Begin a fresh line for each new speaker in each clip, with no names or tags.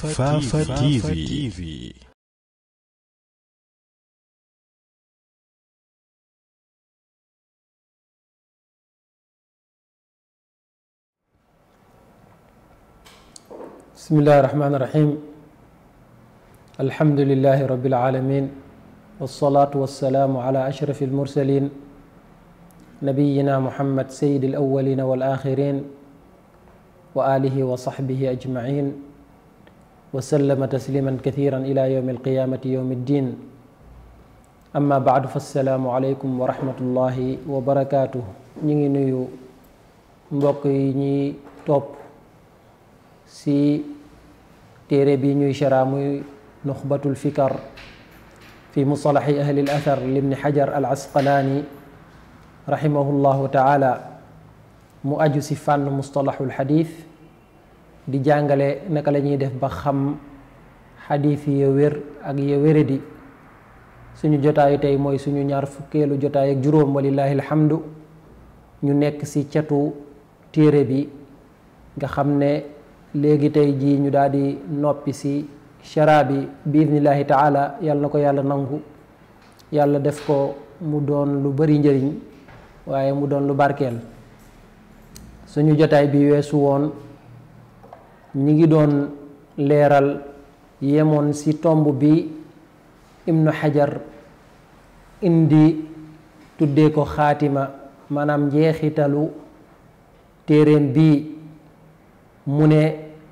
Fafa TV. بسم الله الرحمن الرحيم الحمد لله رب العالمين والصلاة والسلام على أشرف المرسلين نبينا محمد سيد الأولين والآخرين وآله وصحبه أجمعين وسلم تسليما كثيرا إلى يوم القيامة يوم الدين أما بعد فالسلام عليكم ورحمة الله وبركاته نيغي نيو مبوكي ني توب سي تيري بي نيو شرامي نخبة الفكر في مصطلح أهل الأثر لابن حجر العسقلاني رحمه الله تعالى مؤجس فن مصطلح الحديث di jàngale naka la ñuy def ba xam xadiis yi ya ak ya wéradi suñu jotaayu tey mooy suñu ñaar fukkeelu jotaay ak juróom walillaahi alhamdu ñu nekk ci cetu téere bi nga xam ne léegi tey jii ñu daal di noppi ci chara bi bi idnillaahi taala yàlla na ko yàlla nangu yàlla def ko mu doon lu bari njëriñ waaye mu doon lu barkeel suñu jotaay bi weesu woon ñi ngi doon leeral yemoon ci tomb bi ibnu xajar indi tuddee ko xaatima maanaam njeexitalu téeréen bi mu ne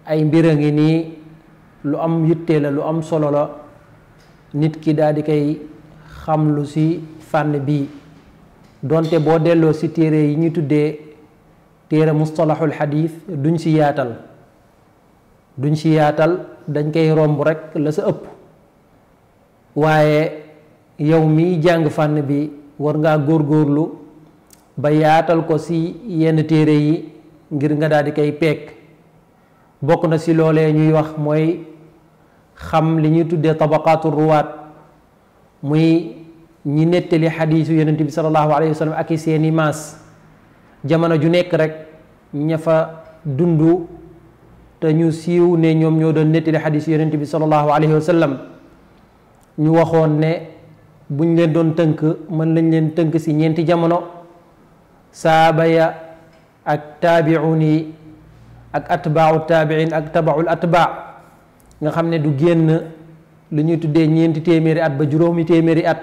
ay mbir a ngi nii lu am yitte la lu am solo la nit ki daldi di koy xamlu ci fànn bi doonte boo delloo ci téere yi ñu tuddee téere mustalaxul xadiis duñ ci yaatal duñ ci yaatal dañ koy romb rekk la sa ëpp waaye yow miy jàng fànn bi war ngaa góor góorlu ba yaatal ko ci yenn téere yi ngir nga daal di koy peek bokk na ci loolee ñuy wax mooy xam li ñuy tuddee tabaqaatu ruwaat muy ñi nettali xadiisu yonent bi sallallahu alayhi wa sallam ak i seeni maas jamono ju nekk rekk ña fa dund te ñu siiw ne ñoom ñoo doon nettali xadis yonent bi sallallahu alayhi wa sallam ñu waxoon ne buñ leen doon tënk mën lañ leen tënk si ñeenti jamono saaba ya ak taabi'un yi ak atbaau taabiin ak tabaul atbaa nga xam ne du génn lu ñuy tuddee ñeenti téeméeri at ba juróomi téeméeri at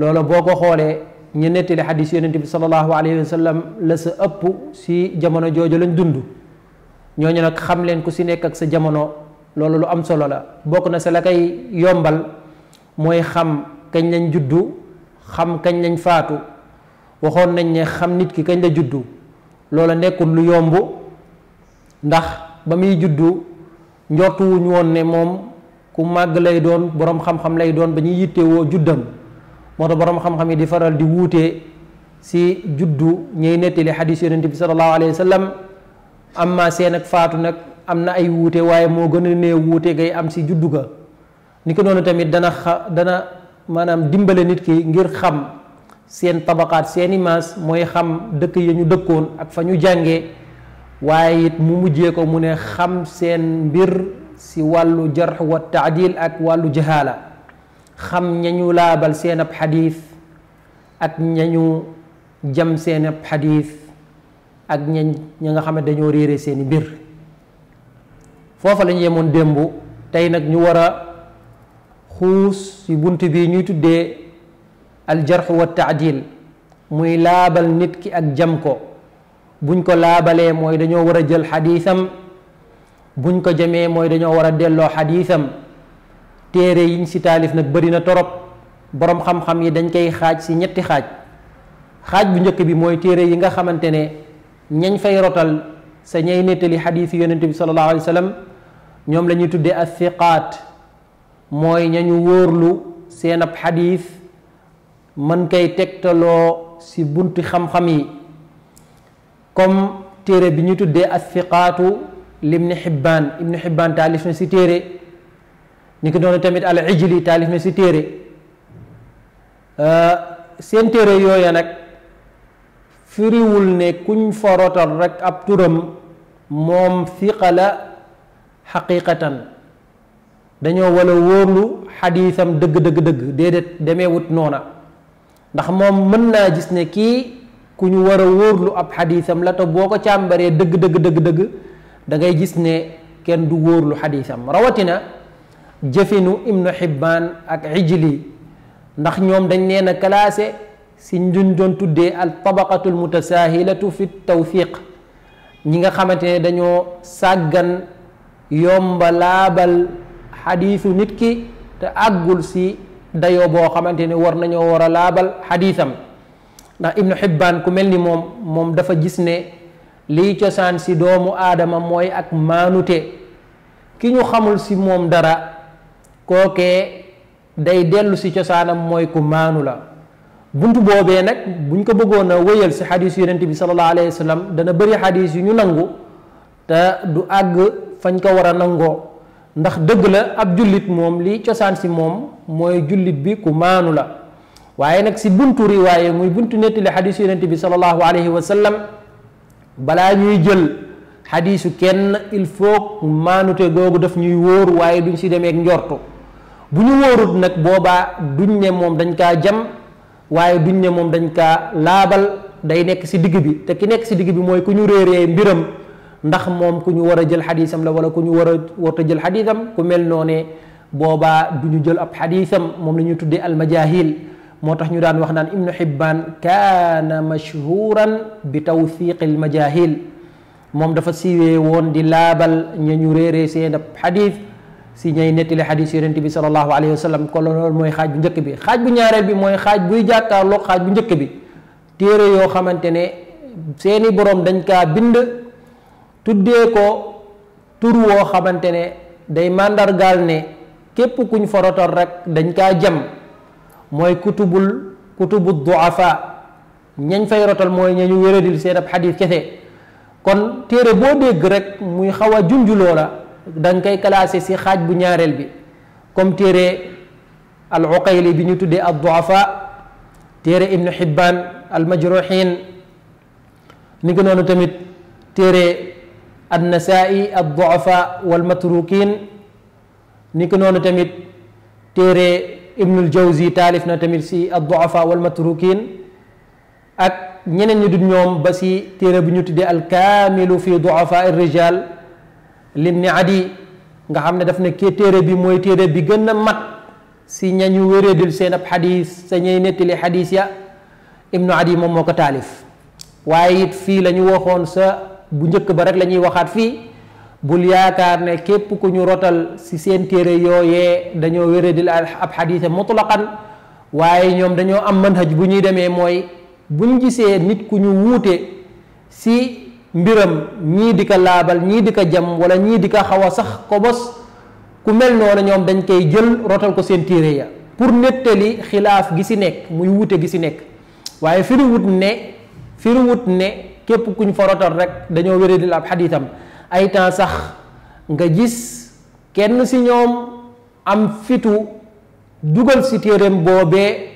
loola boo ko xoolee ñu nettali xadis yonent bi sallallahu alayhi wa sallam la sa ëpp si jamono jooju lañ dund ñooñu nag xam leen ku si nekk ak sa jamono loolu lu am solo la bokk na sa la koy yombal mooy xam kañ lañ juddu xam kañ lañ faatu waxoon nañ ne xam nit ki kañ la juddu loola nekkul lu yomb ndax ba muy juddu njortuwuñ woon ne moom ku màgg lay doon boroom xam-xam lay doon ba ñuy yittewoo juddam moo tax boroom xam-xam yi di faral di wuute si juddu ñuy nettali xadiis yonent bi sallallahu alayhi wa amma seen ak faatu nag am na ay wuute waaye moo gën a néew wuute ngay am ci juddu ni ko noonu tamit dana xa dana maanaam dimbale nit ki ngir xam seen tabaqaat seeni maas mooy xam dëkk ya ñu dëkkoon ak fa ñu jànge waaye it mu mujje ko mu ne xam seen mbir si wàllu jarx wa taadil ak wàllu jahaala xam ñañu laabal seen ab xadiis ak ñañu jam seen ab xadiis ak ñañ ña nga xam dañoo réere seeni mbir foofa la yemoon démb tey nag ñu war a xuus ci bunt bi ñuy tuddee aljarxu wa taadil muy laabal nit ki ak jam ko buñ ko laabalee mooy dañoo war a jël xadiisam buñ ko jamee mooy dañoo war a delloo xadiisam téere yiñ ci taalif nag bari na torop boroom xam-xam yi dañ koy xaaj ci ñetti xaaj xaaj bu njëkk bi mooy téere yi nga xamante ne ñañ fay rotal sa ñay nettali xadiis yonent bi sallallahu alayhi wa ñoom lañuy tuddee as siqaat mooy ñañu wóorlu seen ab xadiis mën kay tegtaloo si bunti xam-xam yi comme téere bi ñuy tuddee as siqaatu libni xibbaan ibni xibbaan taalif na si téere ni ko doon tamit al ijli taalif na si téere euh, seen téere yooya nag firiwul ne kuñ forotal rekk ab turam moom siqa la dañoo wala wóorlu xadiisam dëgg dëgg dëgg déedéet demeewut noona ndax moom mën naa gis ne kii ku ñu war a wóorlu ab xadiisam la boo ko càmbaree dëgg dëgg dëgg dangay gis ne kenn du wóorlu xadiisam rawatina jëfinu ibnu xibbaan ak ijli ndax ñoom dañ leen a si njuñ doon tuddee al tabaqatul mutasahilatu fi tawfiq ñi nga xamante ne dañoo sàggan yomba laabal xadiisu nit ki te àggul ci dayo boo xamante ne war nañoo war a laabal xadiisam ndax ibnu xibbaan ku mel ni moom moom dafa gis ne liy cosaan si doomu aadama mooy ak maanute ki ñu xamul ci moom dara kookee day dellu si cosaanam mooy ku maanu la buntu boobee nag buñ ko bëggoon a wéyal si xadis yu yonent bi sallallahu alayhi wa sallam dana bëri xadis yu ñu nangu te du àgg fañ ko war a nangoo ndax dëgg la ab jullit moom li cosaan si moom mooy jullit bi ku maanu la waaye nag si buntu riwaaye muy buntu nettali xadis yu yonent bi sallallahu alayhi wa sallam balaa ñuy jël xadisu kenn il faut maanute googu daf ñuy wóor waaye duñ si demee ak njortu bu ñu wóorut nag boobaa duñ ne moom dañ kaa jam waaye duñ ne moom dañ kaa laabal day nekk si digg bi te ki nekk si digg bi mooy ku ñu réeree mbiram ndax moom ku ñu war a jël xadiisam la wala ku ñu war a warta jël xadiisam ku mel noonee boobaa du ñu jël ab xadiisam moom la ñuy tuddee almajahil moo tax ñu daan wax naan ibnu xibbaan kaana mashhuran bi tawthiqi almajahil moom dafa siiwee woon di laabal ña ñu réeree seen ab xadiis si ñay nettali xadis yonent bi sallallahu alayhi wa sallam kon loolu mooy xaaj bu njëkk bi xaaj bu ñaareel bi mooy xaaj buy jàkkaarloog xaaj bu njëkk bi téere yoo xamante ne seeni borom dañ kaa bind tuddee ko tur woo xamante ne day màndargaal ne képp kuñ forotor rek dañ kaa jam mooy kutubul kutubu duafa ñañ fay rotal mooy ñañu wéradil seen ab xadis kese kon téere boo dégg rek muy xaw a junjuloo la da nga koy classé si xaaj bu ñaareel bi comme téere al uqayli bi ñu tuddee ad duafa téere ibnu xibbaan al majruhin ni ko noonu tamit téere an nasai ad duafa wal matrukin ni ko noonu tamit téere ibnul jawzi taalif na tamit si ad duafa wal matrukin ak ñeneen ñu dul ñoom ba si téere bu ñu tuddee al kaamilu fi duafa ar rijal limni adi nga xam ne daf na kee téere bi mooy téere bi gën a mat si ñañu wéréedul seen ab xadis sa ñey nettali xadis ya ibnu adi moom moo ko taalif waaye it fii la ñu waxoon sa bu njëkk ba rek la ñuy waxaat fii bul yaakaar ne képp ku ñu rotal si seen téere yooye dañoo wéréedul ab xadisa mutlaqan waaye ñoom dañoo am manhaj bu ñuy demee mooy buñ gisee nit ku ñu wuute si mbiram ñii di ko laabal ñii di ko jam wala ñii di ko xaw a sax kobos ku mel noonu ñoom dañ koy jël rotal ko seen téere ya pour nettali xilaaf gi ci nekk muy wute gi ci nekk waaye firiwut ne firiwut ne képp kuñ fa rotal rek dañoo wéré di la ab xadiitam ay temps sax nga gis kenn si ñoom am fitu dugal si téereem boobee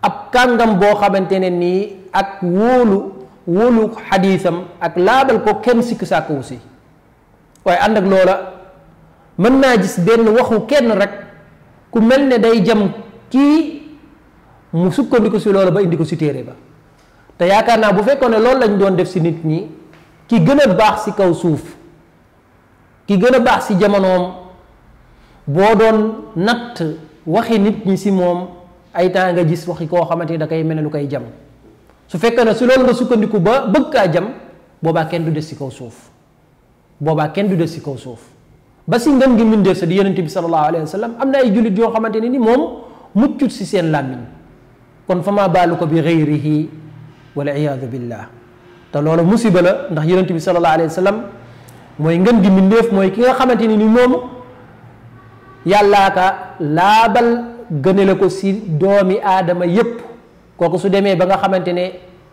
ab kàngam boo xamante ne nii ak wóolu wóolu xadiisam ak laabal ko kenn sikk sàkkowu si waaye ànd ak loola mën naa gis benn waxu kenn rek ku mel ni day jam kii mu sukkandiku si loola ba indi ko si téere ba te yaakaar naa bu fekkoon ne loolu lañ doon def si nit ñi ki gën a baax si kaw suuf ki gën a baax si jamonoom boo doon natt waxi nit ñi si moom ay temps nga gis waxi koo xamante ni da mel ne lu koy jam su fekkee ne su loolu nga sukkandiku ba bëgg kaa jam boobaa kenn du des si kaw suuf boobaa kenn du des si kaw suuf ba si ngën gi mindeef sa di yonent bi sallallahu alayhi wa am na ay jullit yoo xamante ne ni moom muccut si seen làmmiñ kon fa maa ko bi gayrihi wala iyaadu billah te loolu musiba la ndax yonent bi sallallahu alayhi wa mooy ngën gi mindeef mooy ki nga xamante ni ni moom yàllaa ka laabal gëne la ko si doomi aadama yépp kooku su demee ba nga xamante ne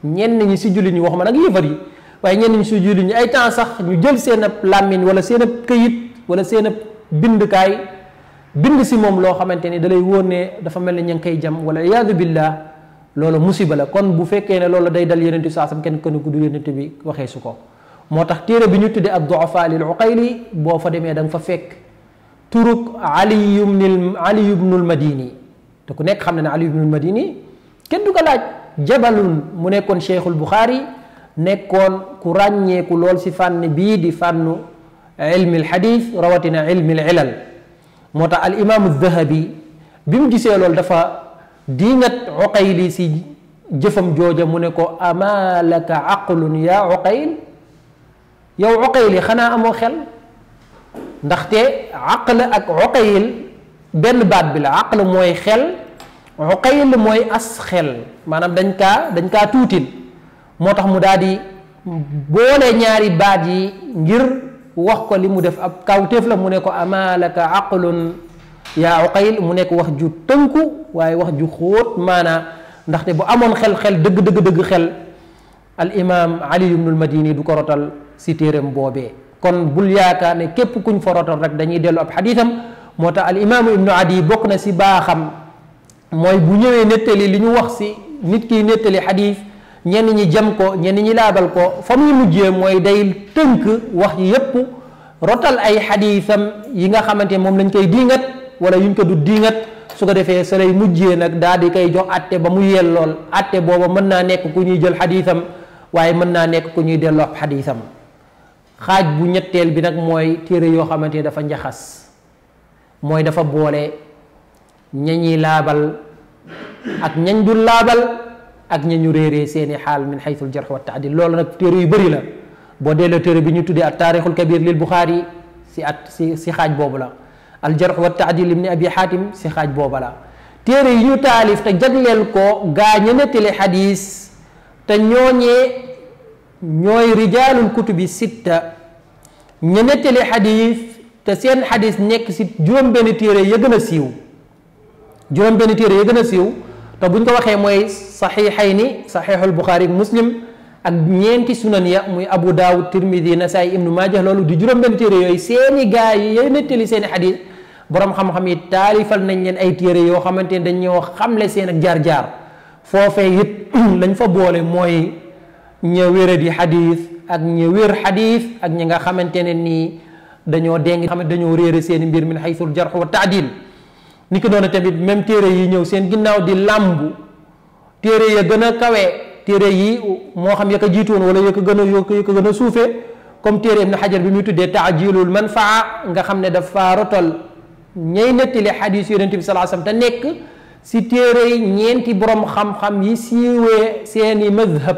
ñenn ñi si jullit ñi waxuma nag yëfar yi waaye ñenn ñi si jullit ñi ay temps sax ñu jël seen ab làmmiñ wala seen ab këyit wala seen ab bindukaay bind si moom loo xamante ne dalay wóor ne dafa mel ne ña ngi koy jam wala yaadu billah loolu musiba la kon bu fekkee ne loolu day dal yonent bi saasam kenn kenn ku du yonent bi waxee su ko moo tax téere bi ñu tuddee ad-du'afaa lil uqayli boo fa demee danga fa fekk turuk ali ibnul ali ibnul madini te ku nekk xam na ne ali ibnul madini kenn du ko laaj jabalun mu nekkoon cheikhul buxaari nekkoon ku ràññeeku lool si fànn bii di fànnu eh, ilmil xadis rawatina ilmil ilal moo tax al imaamu bi mu gisee loolu dafa diingat uqayli si jëfam jooja mu ne ko ama laka aqlun yaa uqayl ndaxte aql ak uqayl benn baat bi la aql mooy xel uqayl mooy as xel maanaam dañ kaa dañ kaa tuutil moo tax mu daal di boole ñaari baat yi ngir wax ko li mu def ab kawteef la mu ne ko amalaka aqlun yaa uqayl mu nekk wax ju tënku waaye wax ju xóot maanaa ndaxte bu amoon xel-xel dëgg dëgg dëgg xel al imam ali ibnul madini du ko rotal si téeram boobee kon bul yaakaar ne képp kuñ fa rotal rek dañuy dellu ab xadiisam moo tax al ibnu adi bokk na si baaxam mooy bu ñëwee nettali li ñu wax si nit kiy nettali xadiis ñenn ñi jëm ko ñenn ñi laabal ko fa muy mujjee mooy day tënk wax yi yépp rotal ay xadiisam yi nga xamante moom lañ koy diingat wala yuñ ko du diingat su ko defee sa lay mujjee nag daal di koy jox atte ba mu yellool atte booba mën naa nekk ku ñuy jël xadiisam waaye mën naa nekk ku ñuy delloo xadiisam xaaj bu ñetteel bi nag mooy téere yoo xamante dafa njaxas mooy dafa boole ñañi laabal ak ñañ dul laabal ak ñañu réeree seeni xaal min xaytul jarx wa loolu nag téere yu bëri la boo delloo téere bi ñu tuddee at taarixul kabir lil buxaari si at si si xaaj boobu la al jarx wa taadil abi xaatim si xaaj booba la téere yu ñu taalif te jagleel ko gaa ña nettali xadiis te ñooñee ñooy rijaalul kutubi sitta ña nettali xadiis te seen xadiis nekk si juróom benn téere ya gën a siiw juróom benn téere yi gën a siiw te buñ ko waxee mooy saxiixayni saxiixul buxaari muslim ak ñeenti sunan ya muy abu na tirmidi nasaay ibnu maaja loolu di juróom benn téere yooyu seeni gaa yi yooyu nettali seeni xadis borom xam-xam yi taalifal nañ leen ay téere yoo xamante ne dañoo xamle seen ak jaar-jaar foofee it lañ fa boole mooy ña wéradi ak ña wér xadis ak ñi nga xamante ne nii dañoo déng xam dañoo réere seeni mbir min xaysul jarx wa taadil ni ki doon tamit même téere yi ñëw seen ginnaaw di làmbu téere ya gën a kawee téere yi moo xam ya ko jiitoon wala ya ko gën a ya ko gën a suufee comme téere Ibn Hajar bi muy tuddee taajilul manfaa nga xam ne dafa rotal ñay nettali xadiis yonent bi sallallahu alayhi nekk si téere ñeenti borom xam-xam yi siiwee seeni madhab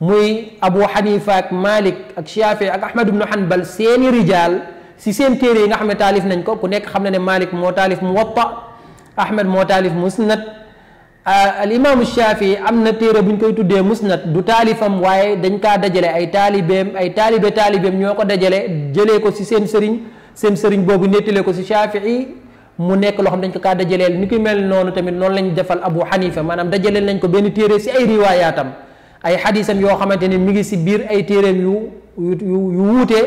muy Abu Hanifa ak Malik ak Shafi ak Ahmad ibnu Hanbal seeni rijaal si seen téere yi nga xam ne taalif nañ ko ku nekk xam na ne Malik moo taalif Muwatta Ahmed moo taalif Musnad ah, al imaamu Shaafi am na téere bu ñu koy tuddee Musnad du taalifam waaye dañ kaa dajale ay taalibeem ay taalibe taalibeem ñoo ko dajale jëlee ko si seen sëriñ seen sëriñ boobu nettalee ko si Shaafi mu nekk loo xam dañ ko kaa dajaleel ni ki mel noonu tamit noonu lañ defal Abu Hanifa maanaam dajaleel nañ ko benn téere si ay riwaayaatam ay xadiisam yoo xamante ni mi ngi si biir ay téereem yu yu yu wuute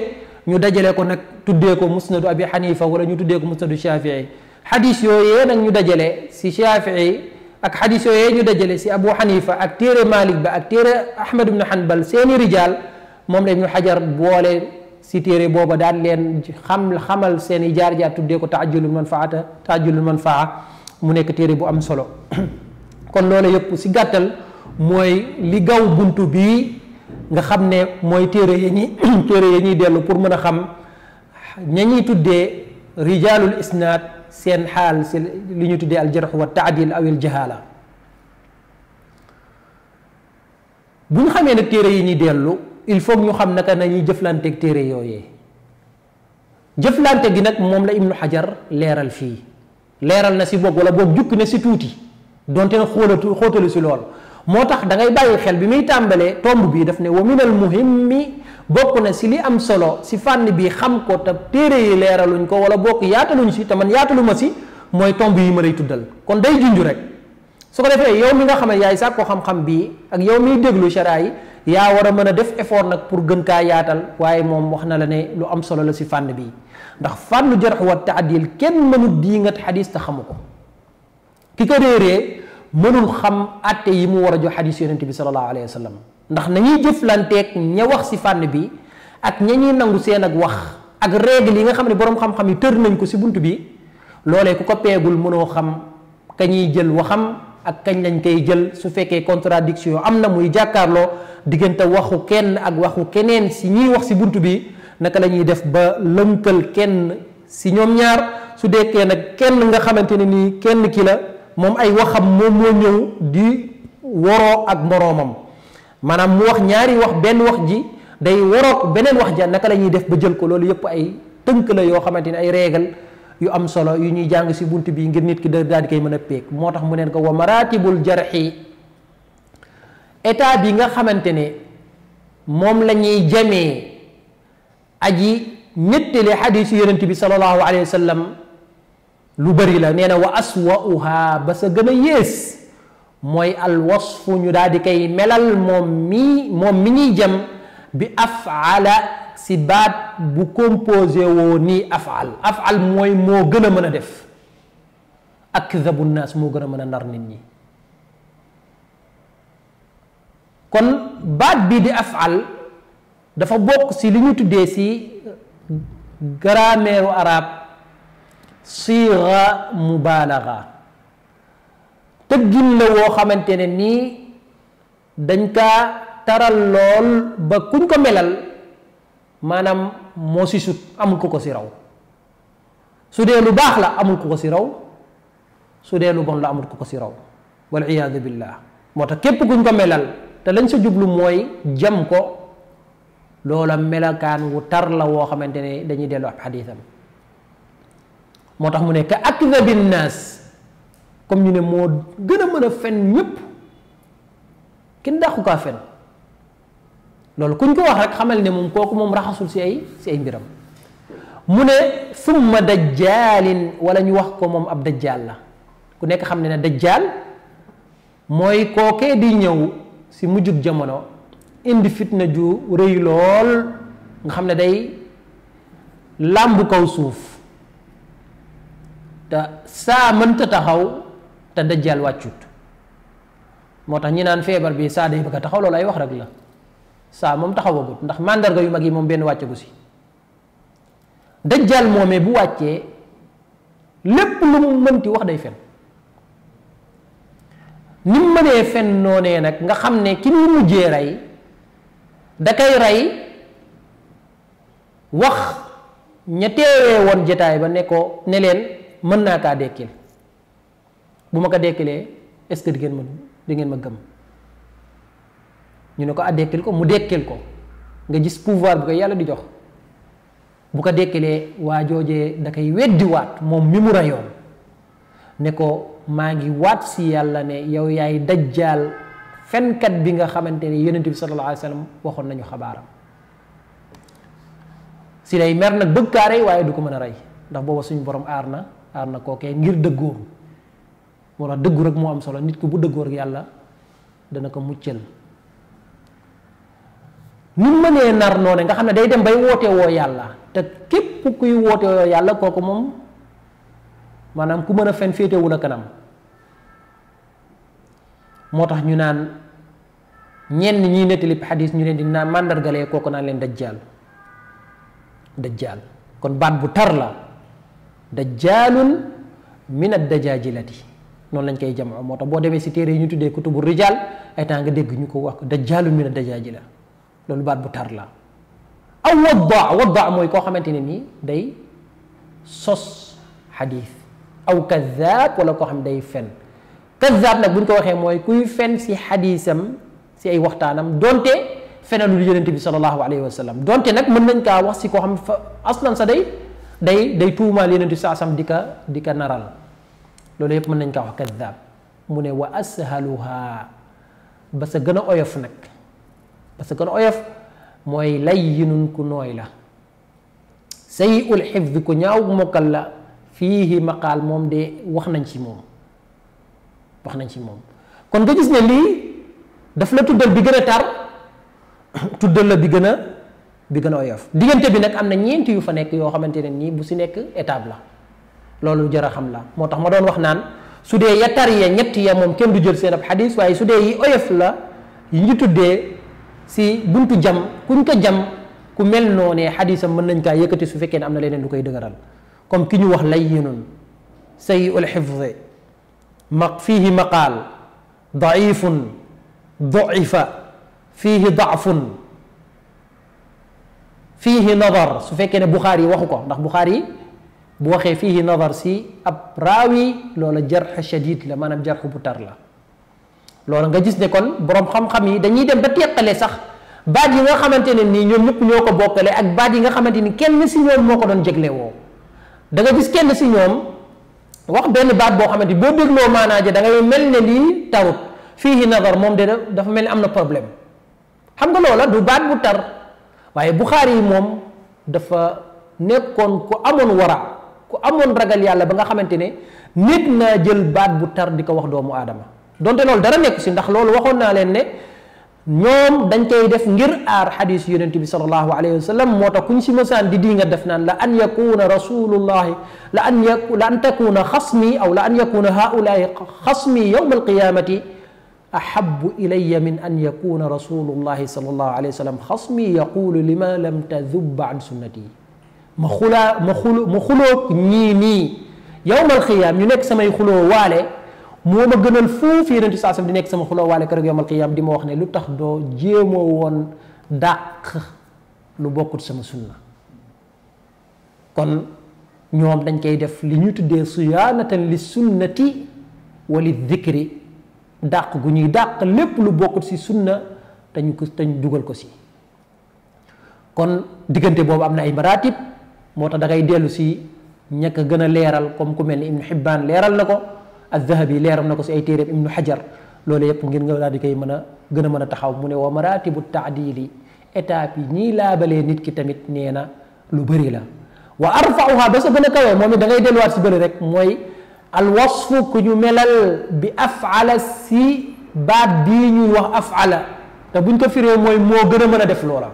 ñu dajale ko nag. tuddee ko musnadu abi xanifa wala ñu tuddee ko musnadu shafii xadis yooyee nag ñu dajale si shafii ak xadis yooyee ñu dajale si abu xanifa ak téere malik ba ak téere ahmad ibnu hanbal seeni rijal moom la ibnu xajar si téere booba daan leen xam xamal seeni jaar jaar tuddee ko taajulul manfaata taajulul manfaa mu nekk téere bu am solo kon loolu yëpp si gàttal mooy li gaw buntu bii nga xam ne mooy téere ya ñi téere ya ñuy dellu pour mën a xam ña ñuy tuddee rijalul isnaad seen xaal si li ñu tuddee aljarx wa taadil aw il bu ñu xamee nag téere yi ñuy dellu il faut ñu xam naka nañuy jëflanteeg téere yooyee jëflante gi nag moom la ibnu xajar leeral fii leeral na si boog wala boog jukki na si tuuti donte na xóotalu si lool moo tax dangay ngay bàyyi xel bi muy tàmbalee tomb bii daf ne wa min al muhimmi bokk na si li am solo si fànn bii xam ko te téere yi leeraluñ ko wala bokk yaataluñ si te man yaatalu ma si mooy tomb yi ma lay tuddal kon day junj rek su ko defee yow mi nga xam ne yaay sàkk ko xam-xam bii ak yow miy déglu sharia yi yaa war a mën a def effort nag pour gën kaa yaatal waaye moom wax na la ne lu am solo la si fànn bii ndax fànnu jarx wa taadil kenn mënut diingat xadis te xamu ko ki ko réeree mënul xam atte yi mu war a jox xadis yonente bi sallallahu alayhi wa ndax nañuy lanteek ña wax si fànn bi ak ña ñuy nangu seen ak wax ak règle yi nga xam ne boroom xam-xam yi tër nañ ko si bunt bi loolee ku ko peegul mënoo xam kañuy jël waxam ak kañ lañ koy jël su fekkee contradiction am na muy jàkkaarloo diggante waxu kenn ak waxu keneen si ñiy wax si bunt bi naka lañuy def ba lënkal kenn si ñoom ñaar su dekkee nag kenn nga xamante ne nii kenn ki la moom ay waxam moom moo ñëw di woroo ak moroomam maanaam mu wax ñaari wax benn wax ji day waroog beneen wax ja naka la ñuy def ba jël ko loolu yëpp ay tënk la yoo xamante ne ay réegal yu am solo yu ñuy jàng si bunt bi ngir nit ki da daal di koy mën a peeg moo tax mu neen ko wa maratibul jarxi état bi nga xamante ne moom la ñuy jamee aji ñettali xadiisu yonent bi sallallahu alayhi wa sallam lu bëri la nee na wa aswauha ba sa gën a yées mooy alwasfu ñu daal di koy melal moom mi moom mi ñuy jam bi afala ci baat bu composé woo nii afal afal mooy moo gën a mën a def akdabu naas moo gën a mën a nar nit ñi kon baat bii di af afal dafa bokk ci li ñu tuddee si grammaire arabe siga mubaalaga tëggin la woo xamante ne nii dañ kaa taral lool ba kuñ ko melal maanaam moo si sut amul ku ko si raw su dee lu baax la amul ku ko si raw su dee bon la amul ko si raw wal iyaadu billah moo tax képp kuñ ko melal te lañ sa jublu mooy jam ko loola melokaan wu tar la woo xamante ne dañuy dellu ab xadiisam moo tax mu ne ka akdabi nnaas comme ñu ne moo gën a mën a fen ñëpp kenn dàqu kaa fen loolu kuñ ko wax rek xamal ne moom kooku moom raxasul si ay si ay mbiram mu ne summa dajjaalin wala ñu wax ko moom ab dajjaal la ku nekk xam ne ne dajjaal mooy kookee di ñëw si mujjug jamono indi fitna ju rëy lool nga xam ne day làmb kow suuf te saa mënta taxaw te dajjaal wàccut moo tax ñi naan feebar bi saa day bëgg a taxaw loolu ay wax rek la saa moom taxaw taxawagut ndax màndarga yu mag yi moom benn wàccagu si dajjaal moomee bu wàccee lépp lu mu mënti wax day fen ni mu mënee fen noonee nag nga xam ne ki mu mujjee rey da kay rey wax ña woon jataay ba ne ko ne leen mën naa kaa dekkil bu ma ko dekkilee est-ce di ngeen ma di ngeen ma gëm ñu ne ko ah dekkil ko mu dekkil ko nga gis pouvoir bu ko yàlla di jox bu ko dekkilee waa joojee da koy weddiwaat moom mi mu rayoon ne ko maa ngi waat si yàlla ne yow yaay dajjaal fenkat bi nga xamante ne yonent bi sallallahu alayhi waxoon nañu xabaaram si lay mer nag bëgg kaa rey waaye du ko mën a rey ndax booba suñu borom aar na aar na kookee ngir dëggoom moo tax dëggu rek moo am solo nit ki bu dëggoo rek yàlla dana ko muccal ni mënee nar noone nga xam ne day dem bay woote yàlla te képp kuy woote woo yàlla kooku moom maanaam ku mën a fen féetewul a kanam moo tax ñu naan ñenn ñiy nettali xadis ñu leen di naan màndargalee kooku naan leen dajjaal dajjaal kon baat bu tar la dajjaalun min ad dajaajilati noonu lañ koy jamoo moo tax boo demee si téere yi ñu tuddee kutubu rijal ay temps nga dégg ñu ko wax dajjaalu mina dajaaji la loolu baat bu tar la aw wadda wadda mooy koo xamante ne nii day sos xadiis aw kazaab wala koo xam day fen kazaab nag bu ñu ko waxee mooy kuy fen si xadiisam si ay waxtaanam donte fenalul yonent bi sallallahu alayhi wa sallam donte nag mën nañ kaa wax si koo xam fa aslan sa day day day tuumaal yeneen bi saa di ko di ka naral loolu yëpp mën nañ koo wax kaddaab mu ne wa ashaluha ba sa gën a oyof nag ba sa gën a oyof mooy lay layyinun ku nooy la say ul xifdi ku ñaaw mokkal la fiihi maqaal moom de wax nañ ci moom wax nañ ci moom kon nga gis ne lii daf la tuddal bi gën a tar tuddal la bi gën a bi gën a oyof diggante bi nag am na ñeenti yu fa nekk yoo xamante ne nii bu si nekk étape la loolu jar a xam la moo tax ma doon wax naan su dee ya tar ya ñett ya moom kenn du jël seen ab xadis waaye su dee yi oyof la yi ñu tuddee si buntu jam kuñ ko jam ku mel noonee xadisam mën nañ kaa yëkkati su fekkee ne am na leneen du koy dëgëral comme ki ñu wax layyinun sayyi'ul xifdi ma fiihi maqaal daifun daifa fii daafun fii nadar su fekkee ne Buxaari yi waxu ko ndax Buxaari yi bu waxee fiihi nazar si ab raawi loola jarx shadid la man jar jarx bu tar la loolu nga gis ne kon borom xam-xam yi dañuy dem ba teqale sax baat yi nga xamante ne nii ñoom ñëpp ñoo ko bokkale ak baat yi nga xamante ni kenn si ñoom moo ko doon jégle woo da nga gis kenn si ñoom wax benn baat boo xamante boo dégloo maanaa ja da ngay mel ni lii tarut fiihi nazar moom de dafa mel ni am na problème xam nga loola du baat bu tar waaye Buxaari yi moom dafa nekkoon ku amoon wara amoon ragal yàlla ba nga xamante ne nit na jël baat bu tar di ko wax doomu aadama donte loolu dara nekk si ndax loolu waxoon naa leen ne ñoom dañ koy def ngir aar xadiis yonente bi salallahu alayhi wa sallam moo tax kuñ si mësaan di dinga def naan la an yakuna rasulullahi la an yaku la an takuna xasmi aw la an yakuna haulaai xasmi yowma alqiyamati ahabu ilaya min an yakuna rasulullahi salallahu alayhi wa sallam xasmi yaqulu lima lam tadubba an sunnati ma xulaa ma xulu ma xuloog ñii nii yowmal xiyaam ñu nekk samay xuloo waale moo ma gënal foofu yonent bi saasam nekk sama xuloo waale keroog yowmal xiyaam di ma wax ne lu tax doo jéemoo woon dàq lu bokkut sama sunna kon ñoom dañ koy def li ñu tuddee siyaanatan li sunnati wa li dikri dàq gu ñuy dàq lépp lu bokkut si sunna te ñu ko te ñu dugal ko si kon diggante boobu am na ay maratib moo tax dangay dellu si ñekk gën a leeral comme ku mel ni ibnu Hibbaan leeral na ko az-Zahabi leeram na ko si ay téeréem ibnu Hajar loolu yëpp ngir nga daal di koy mën a gën a mën a taxaw mu ne wa maratibu taadili étape yi nii laabalee nit ki tamit nee na lu bëri la wa arfauha ba sa gën a kawee moom it dangay ngay delluwaat si bëri rek mooy alwasfu ku ñu melal bi afala si baat bii ñuy wax af afala te buñ ko firee mooy moo gën a mën a def loola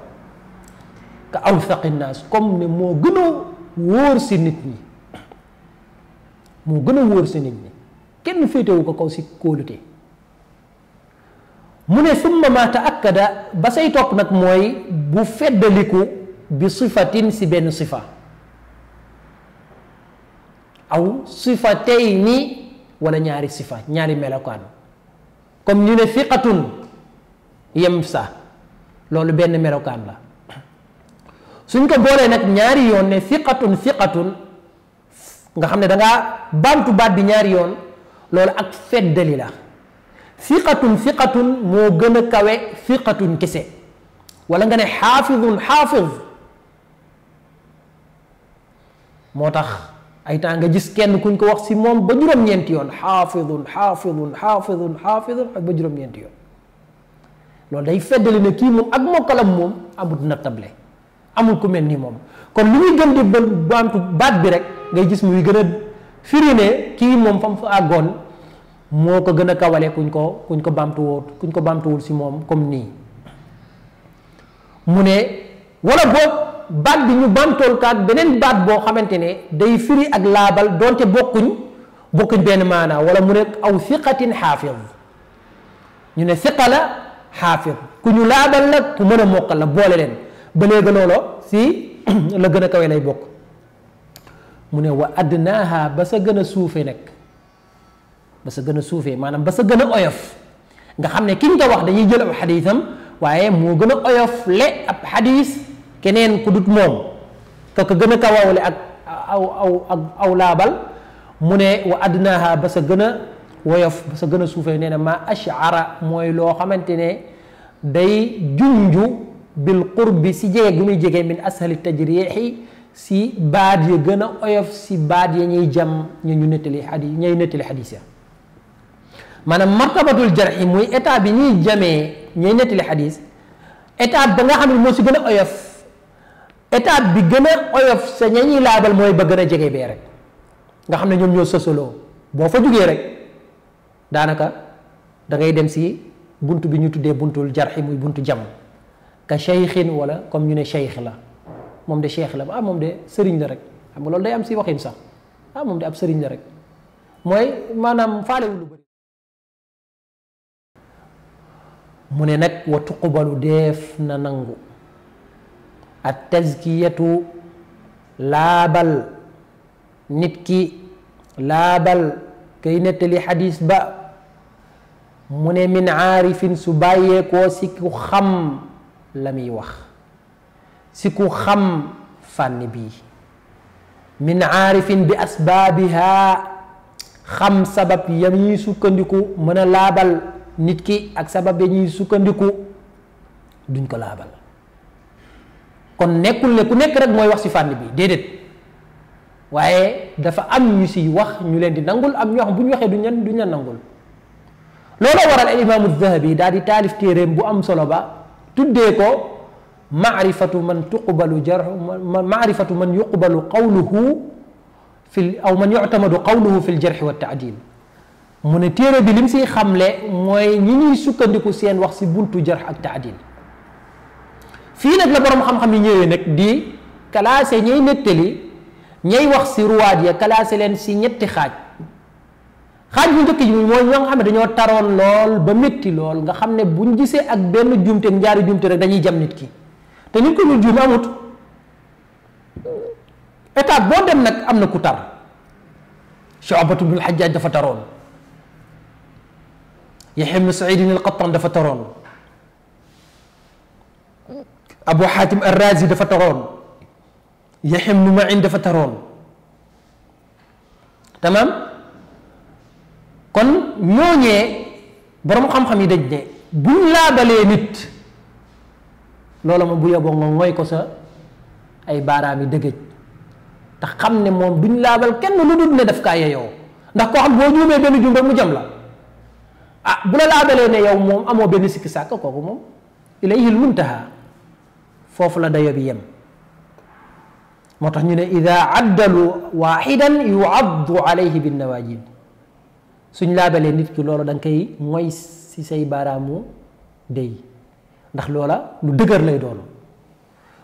ka awsaqi naas comme ne moo gën a wóor si nit ñi moo gën a wóor si nit ñi kenn féetewu ko kaw si kóolute mu ne summa ma ba say topp nag mooy bu feddaliku bi sifatin si benn sifa aw sifatayni wala ñaari sifa ñaari melokaan comme ñu ne fiqatun yem sa loolu benn melokaan la suñ ko boolee nag ñaari yoon ne siqatun siqatun nga xam ne danga ngaa baamtu baat bi ñaari yoon loolu ak feddali la siqatun siqatun moo gën a kawe siqatun kese wala nga ne xaafidun xaafiz moo tax ay gis kenn kuñ ko wax si moom ba juróom-ñeenti yoon xaafidun xaafidun xaafidun xaafidun ak ba juróom-ñeenti yoon loolu day feddali ne kii moom ak mokkalam moom amut na table amul ku mel ni moom kon lu muy gën di bën bantu baat bi rek ngay gis muy gën a firi ne kii moom fa mu fa àggoon moo ko gën a kawale kuñ ko kuñ ko bamtuwoo kuñ ko bamtuwul si moom comme nii mu ne wala boog baat bi ñu bamtool kaat beneen baat boo xamante ne day firi ak laabal donte bokkuñ bokkuñ benn maanaa wala mu ne aw siqatin xaafid ñu ne siqa la xaafid ku ñu laabal la ku mën a mokkal la boole leen ba léegi loolo si la gën a kawe lay bokk mu ne wa adnaaha ba sa gën a suufee nag ba sa gën a suufee maanaam ba sa gën a oyof nga xam ne kiñ ko wax dañuy jël ab xadiisam waaye moo gën a oyof le ab xadiis keneen ku dut moom ka ko gën a kaw ak aw aw ak aw laabal mu ne wa adnaaha ba sa gën a woyof ba sa gën a suufee nee na maa ashara mooy loo xamante ne day junju bil qurbi si jege gu muy jege min ashali tajriixi si baat ya gën a oyof si baat yi ñuy jam ñu ñu nettali xadis ñay nettali xadis ya maanaam martabatul jarxi muy état bi ñuy jamee ñay nettali xadis état ba nga xam ne moo si gën a oyof état bi gën a oyof sa ña ñuy laabal mooy ba gën a jege bee rek nga xam ne ñoom ñoo sosaloo boo fa jugee rek daanaka dangay dem si bunt bi ñu tuddee buntul jarxi muy buntu jam ka cheikhin wala comme ñu ne cheikh la moom de cheikh la ah moom de sëriñ la rek xam day am si waxin sax ah moom de ab sëriñ la rek mooy maanaam faalewul lu bëri mu ne nag wa tuqubalu def na nangu at tazkiyatu laabal nit ki laabal kay nettali xadiis ba mu ne min aarifin su bàyyeekoo si ku xam la muy wax si ku xam fànn bii min aarifin bi asbaabiha xam sabab ya ñuy sukkandiku mën a laabal nit ki ak sabab ya ñuy sukkandiku duñ ko laabal kon nekkul ne ku nekk rek mooy wax ci fànn bi déedéet waaye dafa am ñu si wax ñu leen di nangul am ñoo xam bu ñu waxee duñ leen du leen nangul looloo waral al imaamu zahabi daal di taalif téeréem bu am solo ba tuddee ko maarifatu man tuqbalu jarhu maarifatu man yuqbalu qawluhu fi aw man yutamadu qawluhu fi ljarxi wa taadil mu ne téere bi lim siy xamle mooy ñi ñuy sukkandiku seen wax si buntu jarx ak taadil fii nag la borom xam-xam yi ñëwee nag di classé ñay nettali ñay wax si ruwaat ya classé leen si ñetti xaaj xaaj bi njëkk ji mooy ñoo xam ne dañoo taroon lool ba métti lool nga xam ne buñ gisee ak benn juumte ak ñaari rek dañuy jam nit ki te nit ko ñu juum amut étape boo dem nag am na ku tar Shu'batu bnul Hajjaaj dafa taroon Yaxya bnu dafa taroon Abu Xaatim ar dafa taroon Yaxya bnu dafa taroon kon ñooñee borom xam-xam yi dañ ne buñ laabalee nit loolu moom bu yeboo nga mooy ko sa ay baaraam yi dëgëj te xam ne moom duñ laabal kenn lu dul ne daf kaa yeyoo ndax koo xam boo juumee benn juum rek mu jam la ah bu la laabalee ne yow moom amoo benn sikki sàkk kooku moom ilayhil muntaha foofu la dayo bi yem moo tax ñu ne ida addalu waxidan yuaddu alayhi bin nawajib suñ laabalee nit ki loolu da koy moy si say baaraamu dey ndax loola lu dëgër lay doon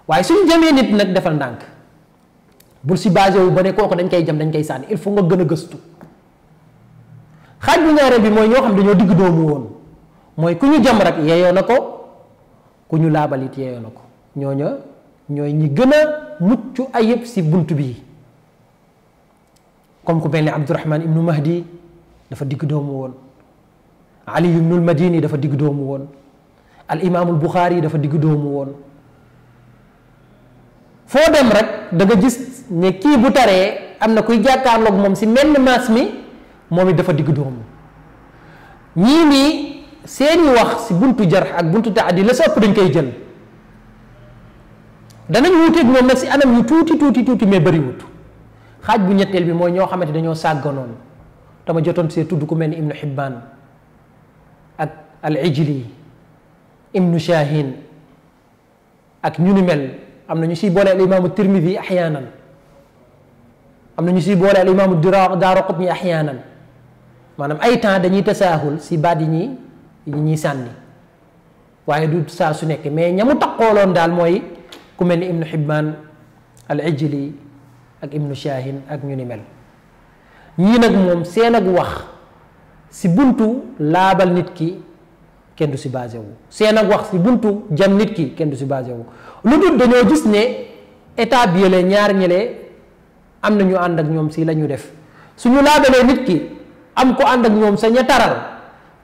waaye suñ jamee nit nag defal ndànk bul si basé wu ba ne kooku dañ koy jam dañ koy sànni il faut nga gën a gëstu xaaj bu ñaareel bi mooy ñoo xam dañoo digg doomu woon mooy ku ñu jam rek yeeyoo na ko ku ñu laabal it yeeyoo na ko ñooña ñooy ñi gën a mucc ayib si bunt bi comme ku mel ni Abdourahman ibnu Mahdi dafa digg doomu woon ali ibnul madini dafa digg doomu woon al imaamul buxaari dafa digg doomu woon foo dem rek da gis ne kii bu taree am na kuy jàkkaarloog moom si menn maas mi moom it dafa digg doomu ñii nii seeni wax si buntu jar ak buntu taadi la sopp dañ koy jël danañ wuuteeg moom nag si anam yu tuuti tuuti tuuti mais bëri wut xaaj bu ñetteel bi mooy ñoo xamante dañoo sàgganoon dama jotoon see tudd ku mel ni ibnu Hibbaan ak al-Ijli ibnu Shaahin ak ñu ni mel am na ñu siy boole al imaamu Tirmidi axyaanan am na ñu siy boole al imaamu Daaraqutni axyaanan maanaam ay temps dañuy tasaahul si baat yi ñi yi ñuy sànni waaye du saa su nekk mais ñamu taqooloon daal mooy ku mel ni ibnu Hibbaan al-Ijli ak ibnu Shaahin ak ñu ni mel. ñii nag moom seen ak wax si buntu laabal nit ki kenn du si basé wu seen ak wax si buntu jam nit ki kenn du si basé wu lu dul dañoo gis ne état bi yële ñaar ñële am na ñu ànd ak ñoom si la ñu def suñu laabalee nit ki am ko ànd ak ñoom sa ña taral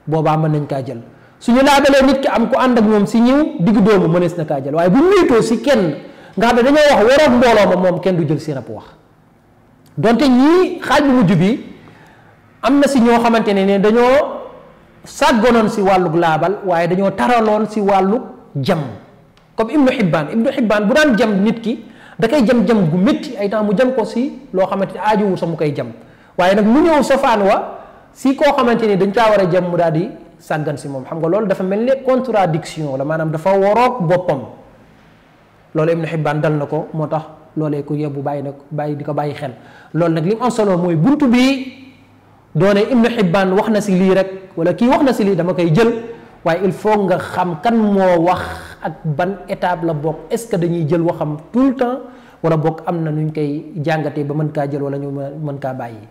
boobaa mën nañ kaa jël suñu laabalee nit ki am ko ànd ak ñoom si ñëw diggu doomu mënees na kaa jël waaye bu muytoo si kenn nga xam ne dañoo wax waroon mbooloo ma moom kenn du jël seen ab wax donte ñii xaaj bu mujj bi am na si ñoo xamante ne ne dañoo sàggonoon si wàllug laabal waaye dañoo taraloon si wàllug jam comme ibnu xibbaan ibnu xibbaan bu daan jam nit ki da koy jam jam gu métti ay temps mu jam ko si loo xamante ne aajuwu sax mu koy jam waaye nag mu ñëw sofaan wa si koo xamante ni dañ caa war a jam mu daal di sàggan si moom xam nga loolu dafa mel ne contradiction la maanaam dafa woroog boppam loolu ibnu xibbaan dal na ko moo tax loolee ku yebbu bàyyi na bàyyi di ko bàyyi xel loolu nag li am solo mooy buntu bii doone Ibnu Hibbaan wax na si lii rek wala kii wax na si lii dama koy jël waaye il faut nga xam kan moo wax ak ban étape la bokk est-ce que dañuy jël waxam tout le temps wala bokk am na nuñ koy jàngatee ba mën kaa jël wala ñu mën kaa bàyyi.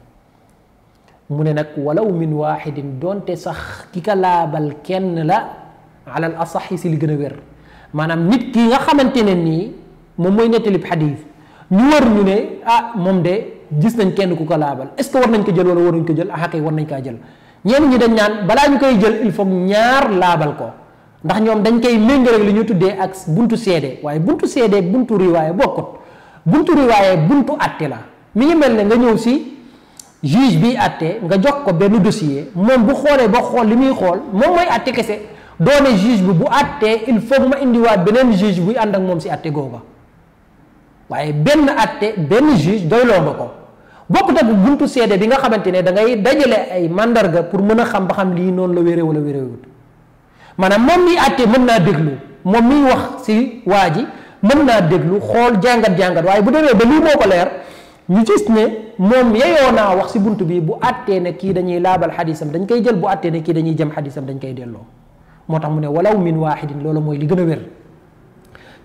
mu ne nag walaw min waaxidin donte sax ki ka laabal kenn la alal asaxi si li gën a wér maanaam nit kii nga xamante ne nii moom mooy nettalib xadiis ñu wër ñu ne ah moom de gis nañ kenn ku ko laabal est ce que war nañ ko jël wala waruñ ko jël ah kay war nañ kaa jël ñenn ñi dañ naan balaa ñu koy jël il faut ñaar laabal ko ndax ñoom dañ koy méngale ak li ñu tuddee ak buntu seede waaye buntu seede ak buntu riwaaye bokkut buntu riwaaye buntu àtte la mi ngi mel ne nga ñëw si juge bi àtte nga jox ko benn dossier moom bu xoolee ba xool li muy xool moom mooy àtte kese doone juge bi bu àttee il faut ma indiwaat beneen juge buy ànd ak moom si àtte googa waaye benn atte benn juge doyloo ma ko bokkut ak buntu seede bi nga xamante ne da ngay dajale ay mandarga pour mën a xam ba xam lii noonu la wéré la wéréwut maanaam moom miy atte mën naa déglu moom miy wax si waa ji mën naa déglu xool jàngat-jàngat waaye bu demee ba lii moo ko leer ñu gis ne moom yeyoo naa wax si buntu bi bu attee ne kii dañuy laabal xadisam dañ koy jël bu attee ne kii dañuy jëm xadisam dañ koy delloo moo tax mu ne walaw min waaxidin loolu mooy li gën a wér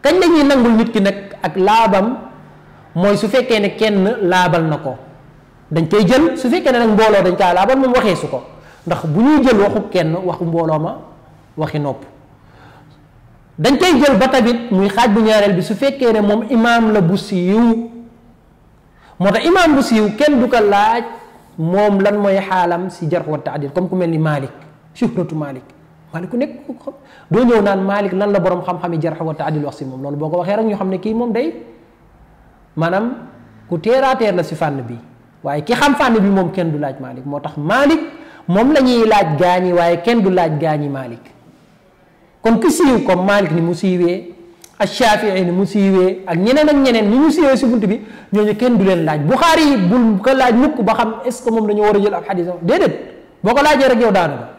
kañ la ñuy nangul nit ki nag ak laabam mooy su fekkee ne kenn laabal na ko dañ koy jël su fekkee ne nag mbooloo dañ kaa laabal moom waxee su ko ndax bu ñuy jël waxu kenn waxu mbooloo ma waxi nopp dañ koy jël ba tamit muy xaaj bu ñaareel bi su fekkee ne moom imaam la bu siiw moo tax imaam bu siiw kenn du ko laaj moom lan mooy xaalam si jarx wa taadil comme ku mel ni Malik shuhratu Malik waaye ku nekk ko xam doo ñëw naan Malik lan la borom xam-xam yi jarx wa taadil wax si moom loolu boo ko waxee rek ñu xam ne kii moom day maanaam ku teeraateer la si fànn bi waaye ki xam fànn bi moom kenn du laaj Malik moo tax Malik moom la ñuy laaj gaañi waaye kenn du laaj gaañi Malik kon ki siiw comme Malik ni mu siiwee ak Shafii ni mu siiwee ak ñeneen ak ñeneen ni mu siiwee si bunt bi ñooñu kenn du leen laaj Buxaari yi bul ko laaj mukk ba xam est ce que moom dañoo war a jël ab xadisam déedéet boo ko laajee rek yow daanu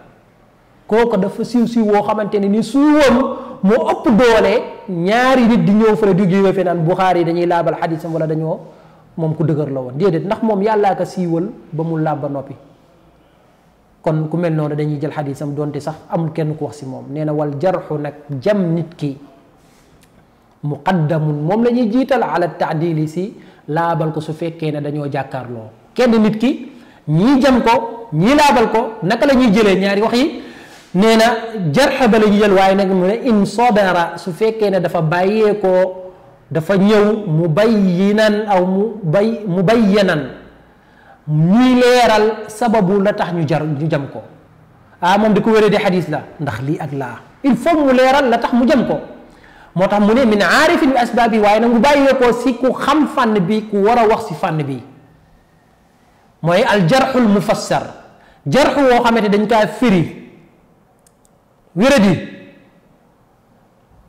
kooku dafa siiw siiw woo xamante ne ni siiwoon moo ëpp doole ñaari nit di ñëw fële di géewee fee naan Buxaari dañuy laabal xadisam wala dañoo moom ku dëgër la woon déedéet ndax moom yàllaa ko siiwal ba mu laab ba noppi kon ku mel noonu dañuy jël xadisam donte sax amul kenn ku wax si moom nee na wal jarxu nag jam nit ki muqaddamun moom la ñuy jiital ala taadili si laabal ko su fekkee ne dañoo jàkkaarloo kenn nit ki ñii jam ko ñii laabal ko naka la ñuy jëlee ñaari wax yi nee na jarxa ba la ñu jël waaye nag mu ne in sobera su fekkee ne dafa bàyyeekoo dafa ñëw mu bayyinan aw mu bay mu bayyanan ñuy leeral sababu la tax ñu jar ñu jam ko ah moom di ko wéree di xadis la ndax lii ak laa il faut mu leeral la tax mu jam ko moo tax mu ne min aarifin bi asbaab yi waaye nag mu bàyyeekoo si ku xam fànn bi ku war a wax si fànn bi mooy aljarxul mufassar jarxu woo xamante dañ kaa firi wéradi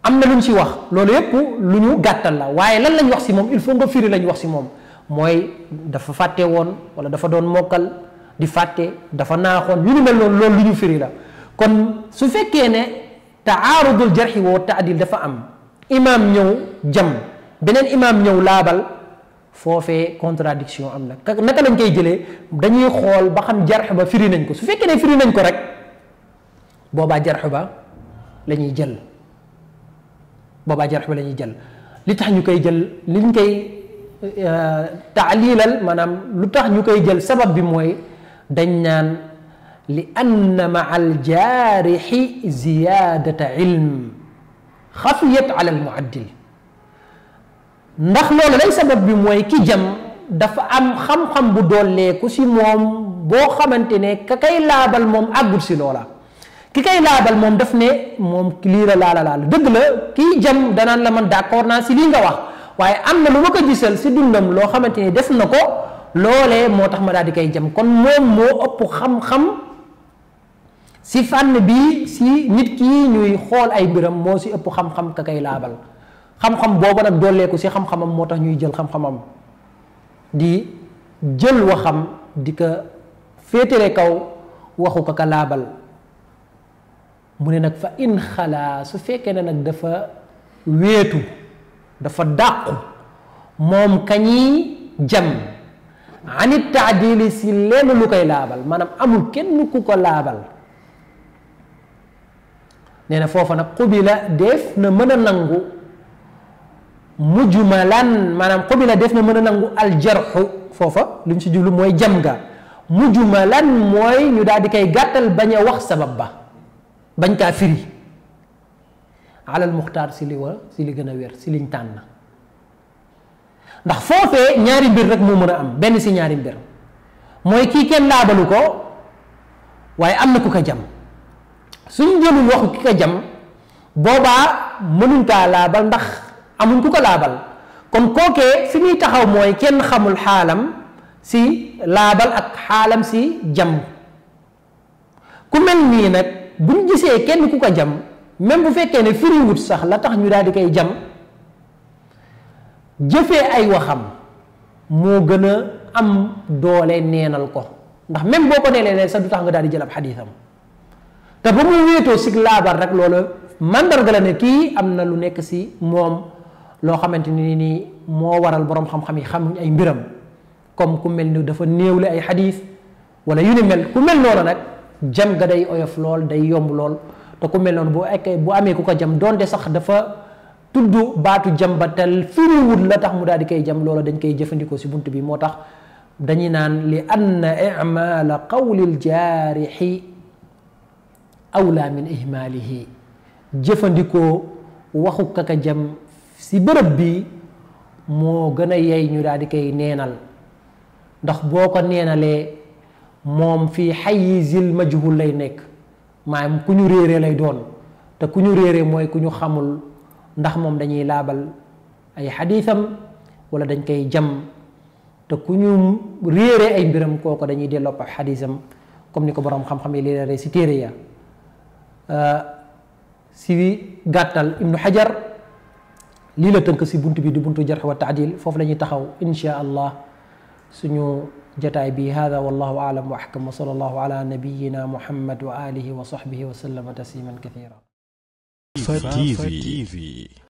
am na lu ñu ci wax loolu yépp lu ñu gàttal la waaye lan lañ wax si moom il faut nga firi lañ wax si moom mooy dafa fàtte woon walla dafa doon mokkal di fàtte dafa naaxoon yu ni mel noonu loolu lu ñu firi la kon su fekkee ne taarudul jarxi woo taadil dafa am imaam ñëw jam beneen imaam ñëw laabal foofee contradiction am na naka lañ koy jëlee dañuy xool ba xam jarx ba firi nañ ko su fekkee ne firi nañ ko rek booba jarxu ba lañuy ñuy jël boobaa jarxu ba la ñuy li tax ñu koy jël liñ koy euh, taalilal maanaam lu tax ñu koy jël sabab bi mooy dañ naan li anna maa aljaarixi ziyaadata ilm xafiyat ala almuaddil bi mooy ki jam dafa am xam-xam bu dooleeku si moom boo xamante ne ka kay laabal moom àggul si loola ki kay laabal moom daf ne moom lii la laala laala dëgg la kii jam danaan la man d'accord naa si lii nga wax waaye am na lu ma ko gisal si dundam loo xamante ni des na ko loolee moo tax ma daal di koy jam kon moom moo ëpp xam-xam si fànn bi si nit ki ñuy xool ay mbiram moo si ëpp xam-xam ka kay laabal xam-xam boobu nag dolleeku si xam-xamam moo tax ñuy jël xam-xamam di jël waxam di ko féetale kaw waxu ko ka laabal mu ne nag fa in xalaa su fekkee ne nag dafa wéetu dafa dàqu moom kañi jam anit taadili si lenn lu koy laabal maanaam amul kenn ku ko laabal nee na foofa nag qubila def na mën a nangu mujmalan maanaam qubila def na mën a nangu aljarxu foofa li mu si jublu mooy jam ga mujmalan mooy ñu daal di koy gàttal bañ a wax sabab ba bañ kaa firi alal muxtaar si li gën a wér si liñ tànn na ndax foofee ñaari mbir rek moo mën a am benn si ñaari mbir mooy kii kenn laabalu ko waaye am na ku ko jam suñ jëlul waxu ki ko jam boobaa mënuñ kaa laabal ndax amuñ ku ko laabal kon kookee fi muy taxaw mooy kenn xamul xaalam si laabal ak xaalam si jam ku mel nii nag bu ñu gisee kenn ku ko jam même bu fekkee ne firiwut sax la tax ñu daal di koy jam jëfe ay waxam moo gën a am doole neenal ko ndax même boo ko neelee neen sax du tax nga daal di jël ab xadiisam te ba mu wéetoo si laabar rek loolu mandarga la ne kii am na lu nekk si moom loo xamante ni nii moo waral boroom xam-xam yi xamuñ ay mbiram comme ku mel ni dafa néew néewle ay xadiis wala yu ni mel ku mel noonu nag jam ga day oyof lool day yomb lool te ku mel bu ekkee bu amee ku ko jam doon donte sax dafa tudd baatu jam ba tel firiwut la tax mu daal di koy jam loola dañ koy jëfandikoo si bunt bi moo tax dañuy naan li anna imaala qawlil jaarixi awlaa min jëfandikoo waxu kaka jam si bërëb bi moo gën a yey ñu daal di koy neenal ndax boo ko neenalee moom fii xayizil majhul lay nekk maanaam ku ñu réeree lay doon te ku ñu réeree mooy ku ñu xamul ndax moom dañuy laabal ay xadiisam wala dañ koy jam te ku ñu réeree ay mbiram kooku dañuy dellopp ab xadiisam comme ni ko boroom xam-xam yi leerale si téere ya euh, si gàttal xajar lii la tënk si bunt bi du buntu jarx wa foofu lañuy taxaw insha allah suñu jotaay bi hada wallahu aalam wa ahkam wa sallallahu ala nabiyyina muhammad wa alihi wa sahbihi wa sallama tasliman kathira